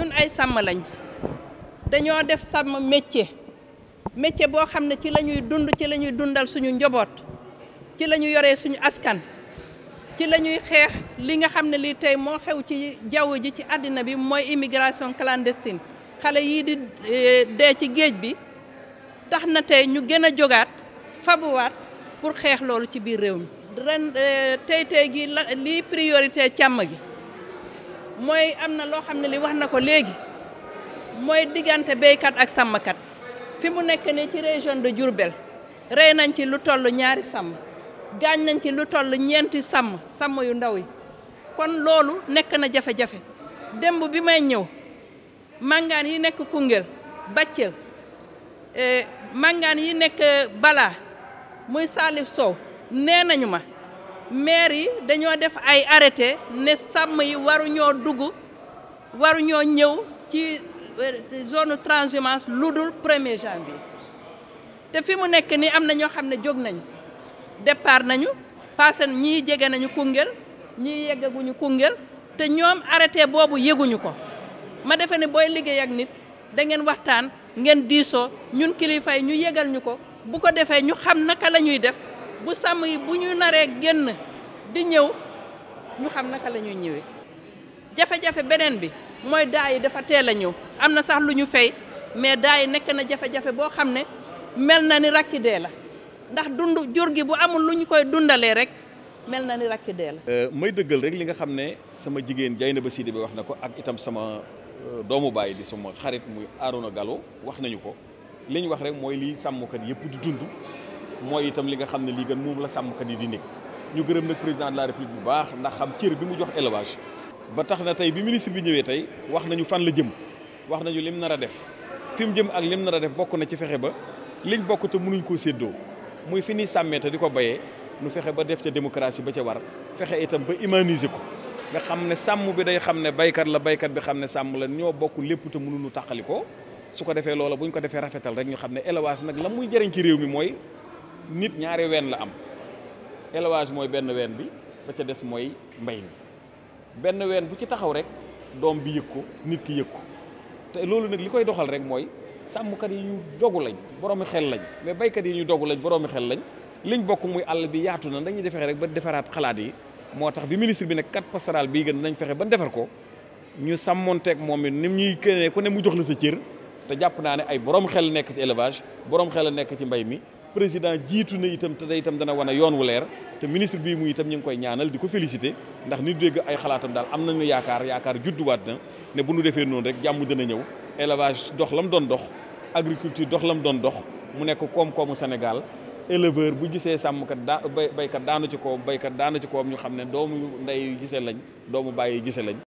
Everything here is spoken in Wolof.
ñun ay sàmm lañ dañoo def sàmm métier métier boo xam ne ci la ñuy dund ci la ñuy dundal suñu njaboot ci la ñu yoree suñu askan ci la ñuy xeex li nga xam ne lii tey moo xew ci jaww ji ci àddina bi mooy immigration clandestine xale yii di e, dee ci géej bi tax na tey ñu gën a jógaat fabuwaat pour xeex loolu ci biir réew mi ren e, tey tey gi lii priorité càmm gi mooy am na loo xam ne li wax na ko léegi mooy diggante béykat ak sàmmkat fi mu nekk ne ci région de Djourbel rey nañ ci lu toll ñaari sàmm gaañ nañ ci lu toll ñeenti sàmm sàmm yu ndaw yi kon loolu nekk na jafe-jafe démb bi may ñëw màngaan yi nekk Koungheul Baccel eh, màngaan yi nekk Bala muy Salif Sow nee nañu ma maire yi dañoo def ay arrêté ne sàmm yi waruñoo dugg waruñoo ñëw ci euh, zone transhumance lu dul premier janvier te fi mu nekk nii am na ñoo xam ne jóg nañu départ nañu passé ñii jege nañu Koungheul ñii yeggaguñu Koungheul te ñoom arrêté boobu yëguñu ko ma defe ne booy liggéey ak nit da ngeen waxtaan ngeen diisoo ñun kilifa yi ñu yëgal ñu ko bu ko defee ñu xam naka la ñuy def. bu sàmm yi bu ñu naree génn di ñëw ñu xam naka lañuy ñëwee jafe-jafe beneen bi mooy daa yi dafa teel a ñëw am na sax lu ñu fay mais daa yi nekk na jafe-jafe boo xam ne mel na ni rakki dee la ndax dund jur gi bu amul lu ñu koy dundalee rek mel na ni rakki dee la. Euh, may dëggal rek li nga xam ne sama jigéen jay Dieynaba Sidi bi wax na ko ak itam sama euh, doomu baay di suma xarit muy Arouna Gallo wax nañu ko li ñu wax rek mooy liy sàmmkat yëpp di dund. mooy itam li nga xam ne lii gën moom la sàmm yi di nekk ñu gërëm nag président de la république bu baax ndax xam cër bi mu jox élevage ba tax na tey bi ministre bi ñëwee tey wax nañu fan la jëm wax nañu lim nar a def fi mu jëm ak lim nar a def bokk na ci fexe ba liñ bokk te mënuñ koo séddoo muy fi ñuy sàmmee te di ko bayee nu fexe ba def ca démocratie ba ca war fexe itam ba humaniser ko nga xam ne sàmm bi day xam ne baykat la baykat bi xam ne sàmm la ñoo bokk lépp te mënuñu tàqali ko su ko defee loola bu ñu ko defee rafetal rek ñu xam ne élevage nag la muy jëriñ ci réew mi mooy nit ñaari ween la am élevage mooy benn ween bi ba ca des mooy mbay mi benn ween bu ci taxaw rek doom bi yëg ko nit ki yëg ko te loolu nag li koy doxal rek mooy sàmmkat yi ñu dogu lañ boroomi xel lañ mais baykat yi ñu dogu lañ boroomi xel lañ liñ bokk muy àll bi yaatu na dañuy defee rek ba defaraat xalaat yi moo tax bi ministre bi nag carte pastorale bii gën nañ fexe ba defar ko ñu sàmmonteeg moom it ni ñuy keneen ku ne mu jox la sa cër te jàpp naa ne ay borom xel nekk ci élevage borom xel nekk ci mbay mi président jiitu na itam te itam dana wane yoon wu leer te ministre bii mu itam ñu ngi koy ñaanal di ko félicité ndax ni dégg ay xalaatam daal am nañu yaakaar yaakaar judduwaat na ne bu nu defee noonu rek jàmm dana ñëw élevage dox lam doon dox agriculture dox la mu doon dox mu nekk koom-koomu Sénégal éleveur bu gisee sàmmkat daa bay baykat daanu ci koom baykat daanu ci koom ñu xam ne doomu ndey gisee lañ doomu bàyyi gisee lañ